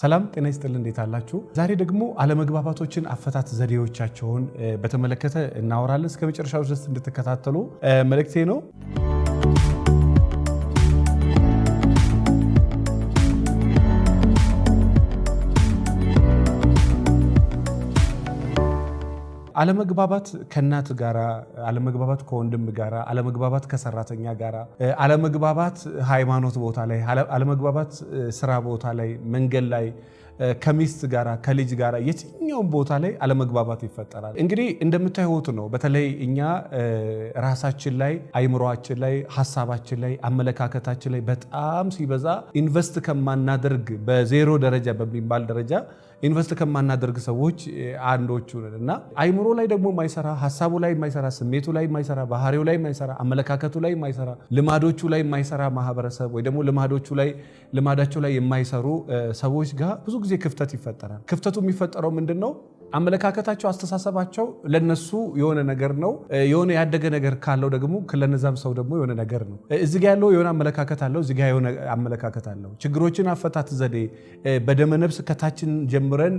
ሰላም ጤና ይስጥል፣ እንዴት አላችሁ? ዛሬ ደግሞ አለመግባባቶችን አፈታት ዘዴዎቻቸውን በተመለከተ እናወራለን። እስከ መጨረሻው ድረስ እንድትከታተሉ መልእክቴ ነው። አለመግባባት ከእናት ጋር፣ አለመግባባት ከወንድም ጋር፣ አለመግባባት ከሰራተኛ ጋር፣ አለመግባባት ሃይማኖት ቦታ ላይ፣ አለመግባባት ስራ ቦታ ላይ፣ መንገድ ላይ፣ ከሚስት ጋር፣ ከልጅ ጋር፣ የትኛውም ቦታ ላይ አለመግባባት ይፈጠራል። እንግዲህ እንደምታዩት ነው። በተለይ እኛ ራሳችን ላይ፣ አይምሯችን ላይ፣ ሀሳባችን ላይ፣ አመለካከታችን ላይ በጣም ሲበዛ ኢንቨስት ከማናደርግ በዜሮ ደረጃ በሚባል ደረጃ ኢንቨስት ከማናደርግ ሰዎች አንዶቹ እና አይምሮ ላይ ደግሞ የማይሰራ ሀሳቡ ላይ የማይሰራ ስሜቱ ላይ የማይሰራ ባህሪው ላይ የማይሰራ አመለካከቱ ላይ የማይሰራ ልማዶቹ ላይ የማይሰራ ማህበረሰብ ወይ ደግሞ ልማዶቹ ላይ ልማዳቸው ላይ የማይሰሩ ሰዎች ጋር ብዙ ጊዜ ክፍተት ይፈጠራል። ክፍተቱ የሚፈጠረው ምንድን ነው? አመለካከታቸው፣ አስተሳሰባቸው ለነሱ የሆነ ነገር ነው። የሆነ ያደገ ነገር ካለው ደግሞ ለነዛም ሰው ደግሞ የሆነ ነገር ነው። እዚ ጋ ያለው የሆነ አመለካከት አለው፣ እዚ ጋ የሆነ አመለካከት አለው። ችግሮችን አፈታት ዘዴ በደመ ነብስ ከታችን ጀምረን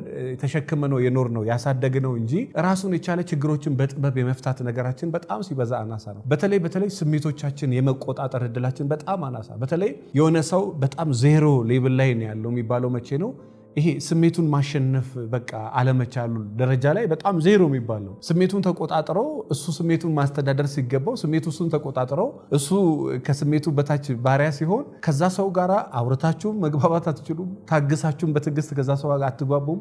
ነው የኖር ነው ያሳደግ ነው እንጂ ራሱን የቻለ ችግሮችን በጥበብ የመፍታት ነገራችን በጣም ሲበዛ አናሳ ነው። በተለይ በተለይ ስሜቶቻችን የመቆጣጠር እድላችን በጣም አናሳ። በተለይ የሆነ ሰው በጣም ዜሮ ሌብል ላይ ያለው የሚባለው መቼ ነው? ይሄ ስሜቱን ማሸነፍ በቃ አለመቻሉ ደረጃ ላይ በጣም ዜሮ የሚባል ነው። ስሜቱን ተቆጣጥሮ እሱ ስሜቱን ማስተዳደር ሲገባው ስሜቱ እሱን ተቆጣጥሮ እሱ ከስሜቱ በታች ባሪያ ሲሆን ከዛ ሰው ጋር አውርታችሁም መግባባት አትችሉም። ታግሳችሁም በትዕግስት ከዛ ሰው ጋር አትግባቡም።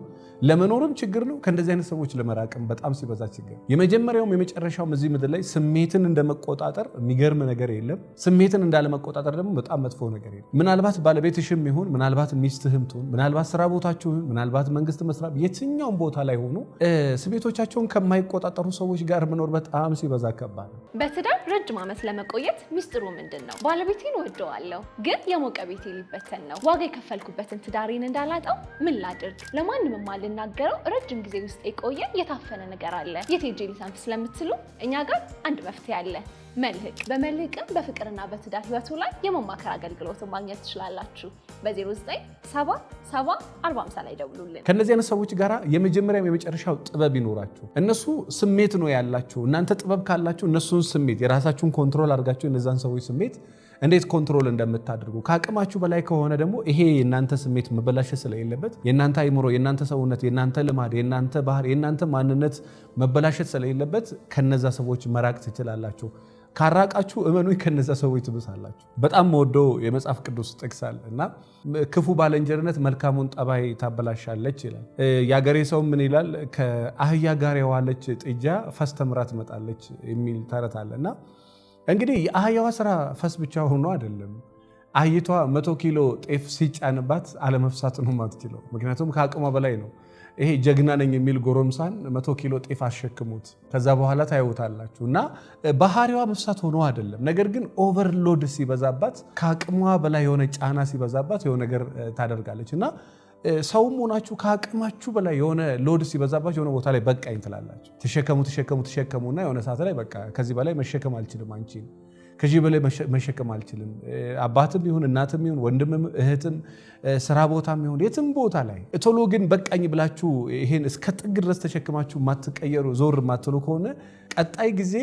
ለመኖርም ችግር ነው። ከእንደዚህ አይነት ሰዎች ለመራቅም በጣም ሲበዛ ችግር። የመጀመሪያውም የመጨረሻውም እዚህ ምድር ላይ ስሜትን እንደመቆጣጠር የሚገርም ነገር የለም። ስሜትን እንዳለመቆጣጠር ደግሞ በጣም መጥፎ ነገር የለም። ምናልባት ባለቤትሽም ይሁን ምናልባት ሚስትህም ትሁን ምናልባት ስራ ፍላጎታችሁን ምናልባት መንግስት መስራት የትኛውን ቦታ ላይ ሆኖ ስሜቶቻቸውን ከማይቆጣጠሩ ሰዎች ጋር መኖር በጣም ሲበዛ ከባድ በትዳር ረጅም ዓመት ለመቆየት ሚስጥሩ ምንድን ነው? ባለቤቴን ወደዋለሁ፣ ግን የሞቀ ቤቴ ሊበተን ነው። ዋጋ የከፈልኩበትን ትዳሬን እንዳላጣው ምን ላድርግ? ለማንም የማልናገረው ረጅም ጊዜ ውስጥ የቆየ የታፈነ ነገር አለ። የቴጄ ሊሰንፍ ስለምትሉ እኛ ጋር አንድ መፍትሄ አለ። መልህቅ በመልህቅም በፍቅርና በትዳር ህይወቱ ላይ የመማከር አገልግሎትን ማግኘት ትችላላችሁ። 45 ላይ ደውሉልን። ከእነዚህ አይነት ሰዎች ጋር የመጀመሪያም የመጨረሻው ጥበብ ይኖራችሁ። እነሱ ስሜት ነው ያላችሁ፣ እናንተ ጥበብ ካላችሁ እነሱን ስሜት የራሳችሁን ኮንትሮል አድርጋችሁ እነዛን ሰዎች ስሜት እንዴት ኮንትሮል እንደምታደርጉ ከአቅማችሁ በላይ ከሆነ ደግሞ ይሄ የእናንተ ስሜት መበላሸት ስለሌለበት የእናንተ አይምሮ፣ የእናንተ ሰውነት፣ የእናንተ ልማድ፣ የእናንተ ባህር፣ የእናንተ ማንነት መበላሸት ስለሌለበት ከነዛ ሰዎች መራቅ ትችላላችሁ። ካራቃችሁ እመኑ ከነዛ ሰዎች ትብሳላችሁ። በጣም መወደው የመጽሐፍ ቅዱስ ጥቅሳል እና ክፉ ባለንጀርነት መልካሙን ጠባይ ታበላሻለች ይላል። የአገሬ ሰው ምን ይላል? ከአህያ ጋር የዋለች ጥጃ ፈስ ተምራ ትመጣለች የሚል ተረት አለ እና እንግዲህ የአህያዋ ስራ ፈስ ብቻ ሆኖ አይደለም። አህይቷ መቶ ኪሎ ጤፍ ሲጫንባት አለመፍሳት ነው ማትችለው፣ ምክንያቱም ከአቅሟ በላይ ነው። ይሄ ጀግና ነኝ የሚል ጎረምሳን መቶ ኪሎ ጤፍ አሸክሙት። ከዛ በኋላ ታይወታላችሁ። እና ባህሪዋ መፍሳት ሆኖ አይደለም፣ ነገር ግን ኦቨርሎድ ሲበዛባት፣ ከአቅሟ በላይ የሆነ ጫና ሲበዛባት የሆነ ነገር ታደርጋለች እና ሰውም ሆናችሁ ከአቅማችሁ በላይ የሆነ ሎድ ሲበዛባችሁ የሆነ ቦታ ላይ በቃኝ ትላላችሁ። ተሸከሙ ተሸከሙ ትሸከሙና የሆነ ሰዓት ላይ በቃ ከዚህ በላይ መሸከም አልችልም አንቺን ከዚህ በላይ መሸከም አልችልም። አባትም ይሁን እናትም ይሁን ወንድምም እህትም ስራ ቦታም ይሁን የትም ቦታ ላይ እቶሎ ግን በቃኝ ብላችሁ ይሄን እስከ ጥግ ድረስ ተሸክማችሁ ማትቀየሩ ዞር ማትሉ ከሆነ ቀጣይ ጊዜ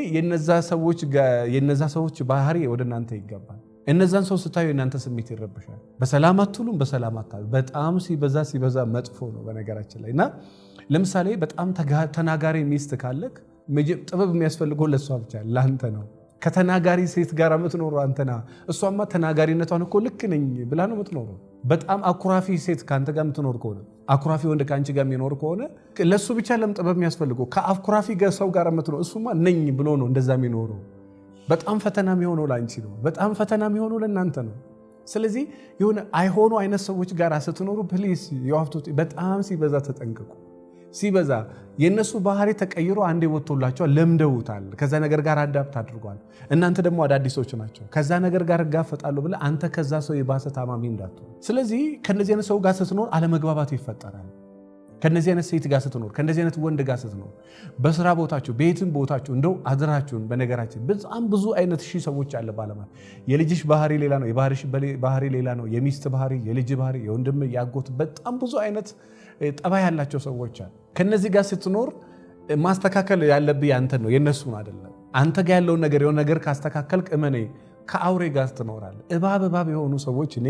የነዛ ሰዎች ባህሪ ወደ እናንተ ይገባል። እነዛን ሰው ስታዩ እናንተ ስሜት ይረብሻል። በሰላም አትሉም፣ በሰላም አታሉ። በጣም ሲበዛ ሲበዛ መጥፎ ነው በነገራችን ላይ እና ለምሳሌ በጣም ተናጋሪ ሚስት ካለክ ጥበብ የሚያስፈልገው ለእሷ ብቻ ለአንተ ነው ከተናጋሪ ሴት ጋር ምትኖሩ አንተና እሷማ ተናጋሪነቷን እኮ ልክ ነኝ ብላ ነው የምትኖረው በጣም አኩራፊ ሴት ከአንተ ጋር ምትኖር ከሆነ አኩራፊ ወንድ ከአንቺ ጋር የሚኖር ከሆነ ለእሱ ብቻ ለም ጥበብ የሚያስፈልገው ከአኩራፊ ሰው ጋር የምትኖር እሱማ ነኝ ብሎ ነው እንደዛ የሚኖረው። በጣም ፈተና የሚሆነው ለአንቺ ነው። በጣም ፈተና የሚሆነው ለእናንተ ነው። ስለዚህ የሆነ አይሆኑ አይነት ሰዎች ጋር ስትኖሩ ፕሊስ በጣም ሲበዛ ተጠንቀቁ። ሲበዛ የእነሱ ባህሪ ተቀይሮ አንዴ ወጥቶላቸዋል። ለምደውታል። ከዛ ነገር ጋር አዳብት አድርጓል። እናንተ ደግሞ አዳዲሶች ናቸው። ከዛ ነገር ጋር እጋፈጣለሁ ብለህ አንተ ከዛ ሰው የባሰ ታማሚ እንዳት። ስለዚህ ከነዚህ አይነት ሰው ጋር ስትኖር አለመግባባት ይፈጠራል። ከነዚህ አይነት ሴት ጋር ስትኖር፣ ከነዚህ አይነት ወንድ ጋር ስትኖር፣ በስራ ቦታችሁ፣ ቤትን ቦታችሁ እንደው አድራችሁን። በነገራችን በጣም ብዙ አይነት ሺህ ሰዎች አለ ባለማት። የልጅሽ ባህሪ ሌላ ነው፣ የባህሪሽ ባህሪ ሌላ ነው። የሚስት ባህሪ፣ የልጅ ባህሪ፣ የወንድም፣ ያጎት፣ በጣም ብዙ አይነት ጠባይ ያላቸው ሰዎች አሉ። ከነዚህ ጋር ስትኖር ማስተካከል ያለብህ ያንተን ነው የእነሱን አይደለም። አንተ ጋር ያለውን ነገር የሆነ ነገር ካስተካከል እመኔ ከአውሬ ጋር ትኖራለህ። እባብ እባብ የሆኑ ሰዎች እኔ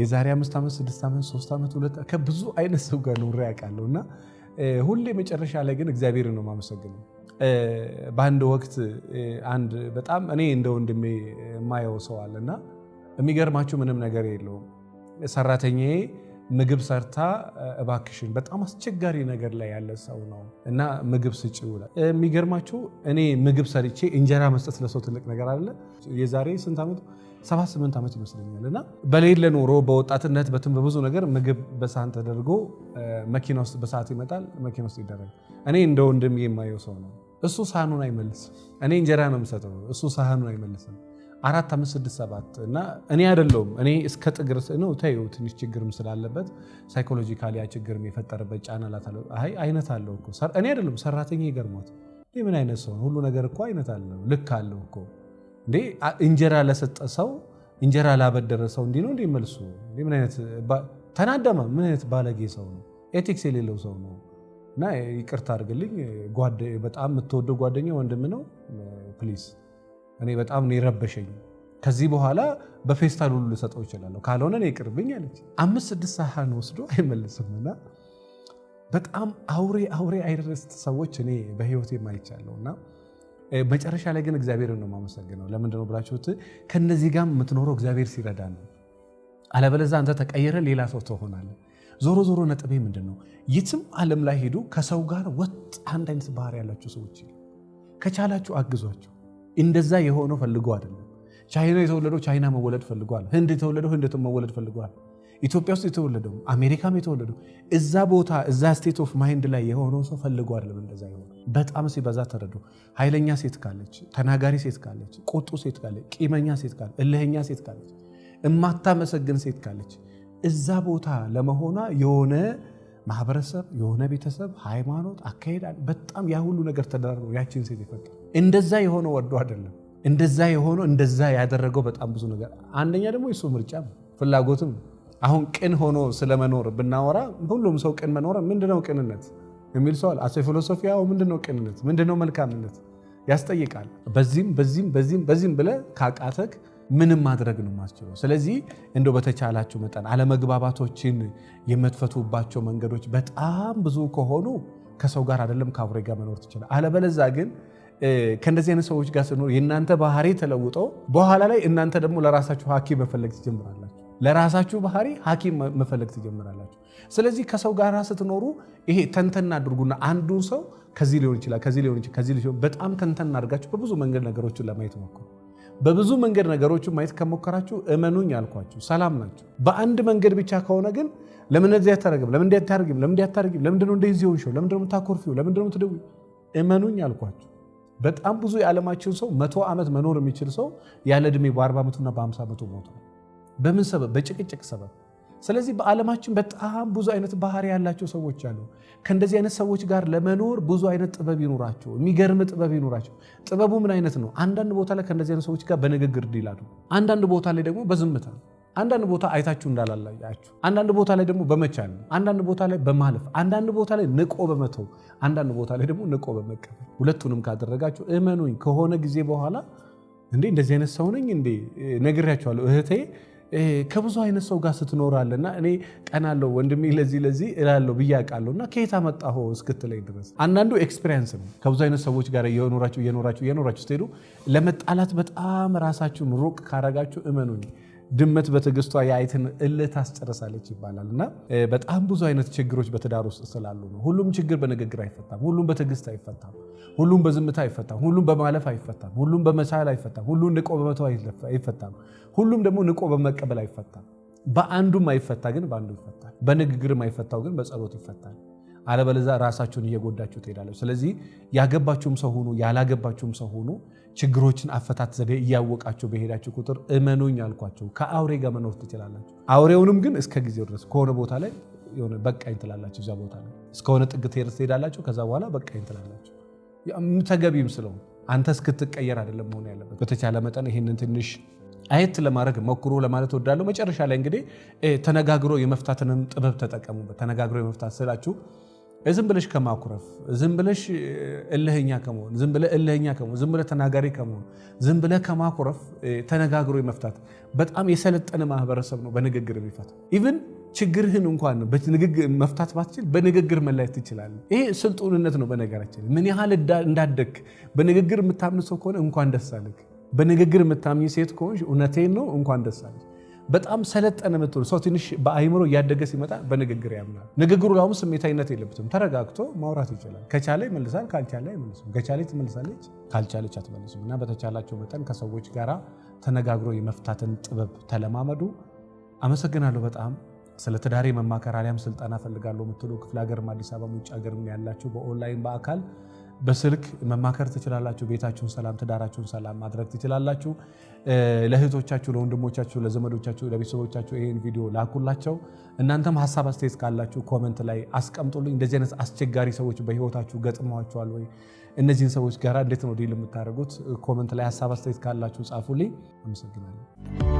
የዛሬ አምስት ዓመት ስድስት ዓመት ሶስት ዓመት ሁለት ከብዙ አይነት ሰው ጋር ኖሬ ያውቃለሁ እና ሁሌ መጨረሻ ላይ ግን እግዚአብሔር ነው የማመሰግነው። በአንድ ወቅት አንድ በጣም እኔ እንደ ወንድሜ የማየው ሰው አለና የሚገርማችሁ ምንም ነገር የለውም ሰራተኛዬ ምግብ ሰርታ እባክሽን በጣም አስቸጋሪ ነገር ላይ ያለ ሰው ነው እና ምግብ ስጭው። የሚገርማችሁ እኔ ምግብ ሰርቼ እንጀራ መስጠት ለሰው ትልቅ ነገር አለ። የዛሬ ስንት ዓመት ሰባት ስምንት ዓመት ይመስለኛል እና በሌለ ኖሮ በወጣትነት በትም በብዙ ነገር ምግብ በሳህን ተደርጎ መኪና ውስጥ በሰዓት ይመጣል፣ መኪና ውስጥ ይደረግ። እኔ እንደ ወንድም የማየው ሰው ነው። እሱ ሳህኑን አይመልስም። እኔ እንጀራ ነው የምሰጠው፣ እሱ ሳህኑን አይመልስም። አራት አምስት ስድስት ሰባት እና እኔ አይደለሁም እኔ እስከ ጥግር ነው ተይው ትንሽ ችግርም ስላለበት ሳይኮሎጂካሊ ያ ችግርም የፈጠረበት ጫና ላታለ አይ አይነት አለው እኮ እኔ አይደለሁም ሰራተኛ ይገርሞት ይህ ምን አይነት ሰው ሁሉ ነገር እኮ አይነት አለው ልክ አለው እኮ እንዴ እንጀራ ለሰጠ ሰው እንጀራ ላበደረ ሰው እንዲህ ነው እንዴ መልሱ ምን አይነት ተናደመ ምን አይነት ባለጌ ሰው ነው ኤቲክስ የሌለው ሰው ነው እና ይቅርታ አድርግልኝ በጣም የምትወደው ጓደኛ ወንድም ነው ፕሊዝ እኔ በጣም ነው የረበሸኝ። ከዚህ በኋላ በፌስታል ሁሉ ልሰጠው ይችላለሁ፣ ካልሆነ እኔ ይቅርብኝ አለች። አምስት ስድስት ሳህን ወስዶ አይመልስምና በጣም አውሬ አውሬ አይረስት ሰዎች እኔ በህይወቴ ማይቻለሁ እና መጨረሻ ላይ ግን እግዚአብሔር ነው የማመሰግነው። ለምንድን ነው ብላችሁት ከነዚህ ጋር የምትኖረው እግዚአብሔር ሲረዳ ነው። አለበለዚያ አንተ ተቀየረ ሌላ ሰው ትሆናለህ። ዞሮ ዞሮ ነጥቤ ምንድን ነው? የትም ዓለም ላይ ሄዱ ከሰው ጋር ወጥ አንድ አይነት ባህሪ ያላቸው ሰዎች ከቻላችሁ አግዟቸው። እንደዛ የሆነው ፈልጎ አይደለም። ቻይና የተወለደው ቻይና መወለድ ፈልጓል። ህንድ የተወለደው ህንድ መወለድ ፈልጓል። ኢትዮጵያ ውስጥ የተወለደው አሜሪካም የተወለደው እዛ ቦታ እዛ ስቴት ኦፍ ማይንድ ላይ የሆነው ሰው ፈልጎ አይደለም። እንደዛ የሆነ በጣም ሲበዛ ተረዶ ኃይለኛ ሴት ካለች፣ ተናጋሪ ሴት ካለች፣ ቁጡ ሴት ካለች፣ ቂመኛ ሴት ካለች፣ እልህኛ ሴት ካለች፣ እማታመሰግን ሴት ካለች እዛ ቦታ ለመሆኗ የሆነ ማህበረሰብ የሆነ ቤተሰብ ሃይማኖት፣ አካሄዳል በጣም ያ ሁሉ ነገር ተደራርበው ያችን ሴት ይፈጠር እንደዛ የሆነ ወዶ አይደለም። እንደዛ የሆነ እንደዛ ያደረገው በጣም ብዙ ነገር። አንደኛ ደግሞ የሱ ምርጫ ፍላጎትም። አሁን ቅን ሆኖ ስለመኖር ብናወራ ሁሉም ሰው ቅን መኖር ምንድነው ቅንነት የሚል ሰዋል አቶ ፊሎሶፊ ምንድነው ቅንነት ምንድነው መልካምነት ያስጠይቃል። በዚህም በዚህም በዚህም በዚህም ብለ ካቃተክ ምንም ማድረግ ነው የማስችለው። ስለዚህ እንደ በተቻላችሁ መጠን አለመግባባቶችን የምትፈቱባቸው መንገዶች በጣም ብዙ ከሆኑ ከሰው ጋር አይደለም ከአውሬ ጋር መኖር ትችላል። አለበለዛ ግን ከእንደዚህ አይነት ሰዎች ጋር ስኖር የእናንተ ባህሪ ተለውጦ በኋላ ላይ እናንተ ደግሞ ለራሳችሁ ሐኪም መፈለግ ትጀምራላችሁ። ለራሳችሁ ባህሪ ሐኪም መፈለግ ትጀምራላችሁ። ስለዚህ ከሰው ጋር ስትኖሩ ይሄ ተንተና አድርጉና አንዱን ሰው ከዚህ ሊሆን ይችላል፣ ከዚህ ሊሆን ይችላል፣ ከዚህ ሊሆን በጣም ተንተና አድርጋችሁ በብዙ መንገድ ነገሮችን ለማየት ሞክሩ። በብዙ መንገድ ነገሮችን ማየት ከሞከራችሁ እመኑኝ አልኳችሁ ሰላም ናቸው። በአንድ መንገድ ብቻ ከሆነ ግን ለምን እንደዚህ አታደርግም? ለምን እንዲህ አታደርጊም? ለምን እንዲህ አታደርጊም? ለምንድነው እንደዚህ ሆንሽው? ለምንድነው የምታኮርፊው? ለምንድነው የምትደውይው? እመኑኝ አልኳችሁ በጣም ብዙ የዓለማችን ሰው መቶ ዓመት መኖር የሚችል ሰው ያለ ዕድሜ በ40 ዓመቱና በ50 ዓመቱ ሞቷል። በምን ሰበብ? በጭቅጭቅ ሰበብ። ስለዚህ በዓለማችን በጣም ብዙ አይነት ባህሪ ያላቸው ሰዎች አሉ። ከእንደዚህ አይነት ሰዎች ጋር ለመኖር ብዙ አይነት ጥበብ ይኖራቸው፣ የሚገርም ጥበብ ይኖራቸው። ጥበቡ ምን አይነት ነው? አንዳንድ ቦታ ላይ ከእንደዚህ አይነት ሰዎች ጋር በንግግር ዲላሉ፣ አንዳንድ ቦታ ላይ ደግሞ በዝምታ አንዳንድ ቦታ አይታችሁ እንዳላላያችሁ፣ አንዳንድ ቦታ ላይ ደግሞ በመቻል፣ አንዳንድ ቦታ ላይ በማለፍ፣ አንዳንድ ቦታ ላይ ንቆ በመተው፣ አንዳንድ ቦታ ላይ ደግሞ ንቆ በመቀበል ሁለቱንም ካደረጋችሁ እመኑኝ ከሆነ ጊዜ በኋላ እንዴ እንደዚህ አይነት ሰው ነኝ እንዴ ነግሬያቸዋለሁ። እህቴ ከብዙ አይነት ሰው ጋር ስትኖራለና እኔ ቀናለው ወንድሜ ለዚህ ለዚህ እላለሁ ብዬ አውቃለሁ እና ከየት አመጣኸው እስክትለኝ ድረስ አንዳንዱ ኤክስፔሪንስ ነው። ከብዙ አይነት ሰዎች ጋር እየኖራችሁ እየኖራችሁ እየኖራችሁ ስትሄዱ ለመጣላት በጣም ራሳችሁን ሩቅ ካረጋችሁ እመኑኝ ድመት በትዕግስቷ የአይትን እልህ ታስጨርሳለች ይባላል እና በጣም ብዙ አይነት ችግሮች በትዳር ውስጥ ስላሉ ነው። ሁሉም ችግር በንግግር አይፈታም። ሁሉም በትዕግስት አይፈታም። ሁሉም በዝምታ አይፈታም። ሁሉም በማለፍ አይፈታም። ሁሉም በመቻል አይፈታም። ሁሉም ንቆ በመተው አይፈታም። ሁሉም ደግሞ ንቆ በመቀበል አይፈታም። በአንዱም አይፈታ ግን በአንዱ ይፈታል። በንግግርም አይፈታው ግን በጸሎት ይፈታል። አለበለዛ ራሳችሁን እየጎዳችሁ ትሄዳለች። ስለዚህ ያገባችሁም ሰው ሆኑ ያላገባችሁም ሰው ሆኑ ችግሮችን አፈታት ዘዴ እያወቃችሁ በሄዳችሁ ቁጥር እመኑኝ አልኳቸው ከአውሬ ጋር መኖር ትችላላችሁ። አውሬውንም ግን እስከ ጊዜው ድረስ ከሆነ ቦታ ላይ የሆነ በቃኝ ትላላችሁ። እዛ ቦታ ላይ እስከሆነ ጥግ ትሄዳላችሁ። ከዛ በኋላ በቃኝ ትላላችሁ። ተገቢም ስለሆነ አንተ እስክትቀየር አይደለም መሆን ያለበት። በተቻለ መጠን ይህንን ትንሽ አየት ለማድረግ ሞክሩ ለማለት ወዳለሁ። መጨረሻ ላይ እንግዲህ ተነጋግሮ የመፍታትንም ጥበብ ተጠቀሙበት። ተነጋግሮ የመፍታት ስላችሁ ዝም ብለሽ ከማኩረፍ ዝም ብለሽ እልህኛ ከመሆን ዝም ብለ እልህኛ ከመሆን ዝም ብለ ተናጋሪ ከመሆን ዝም ብለ ከማኩረፍ ተነጋግሮ መፍታት በጣም የሰለጠነ ማህበረሰብ ነው። በንግግር የሚፈታ ኢቭን ችግርህን እንኳን በንግግር መፍታት ባትችል በንግግር መላየት ትችላለህ። ይሄ ስልጡንነት ነው። በነገራችን ምን ያህል እንዳደግ በንግግር የምታምን ሰው ከሆነ እንኳን ደስ አለህ። በንግግር የምታምኝ ሴት ከሆንሽ እውነቴን ነው እንኳን ደስ አለህ። በጣም ሰለጠነ የምትሆኑ ሰው ትንሽ በአይምሮ እያደገ ሲመጣ በንግግር ያምናል። ንግግሩ ላይ ስሜታዊነት የለብትም። ተረጋግቶ ማውራት ይችላል። ከቻለ ይመልሳል፣ ካልቻለ አይመልስም። ከቻለ ትመልሳለች፣ ካልቻለች አትመልስም። እና በተቻላቸው መጠን ከሰዎች ጋር ተነጋግሮ የመፍታትን ጥበብ ተለማመዱ። አመሰግናለሁ በጣም ስለ ትዳሬ መማከር አሊያም ስልጠና ፈልጋለሁ የምትሉ ክፍለ ሀገርም አዲስ አበባ ውጭ ሀገርም ያላችሁ በኦንላይን በአካል በስልክ መማከር ትችላላችሁ። ቤታችሁን ሰላም፣ ትዳራችሁን ሰላም ማድረግ ትችላላችሁ። ለእህቶቻችሁ፣ ለወንድሞቻችሁ፣ ለዘመዶቻችሁ፣ ለቤተሰቦቻችሁ ይህን ቪዲዮ ላኩላቸው። እናንተም ሀሳብ አስተያየት ካላችሁ ኮመንት ላይ አስቀምጡልኝ። እንደዚህ አይነት አስቸጋሪ ሰዎች በህይወታችሁ ገጥመዋቸዋል ወይ? እነዚህን ሰዎች ጋር እንዴት ነው ዲል የምታደርጉት? ኮመንት ላይ ሀሳብ አስተያየት ካላችሁ ጻፉልኝ። አመሰግናለሁ።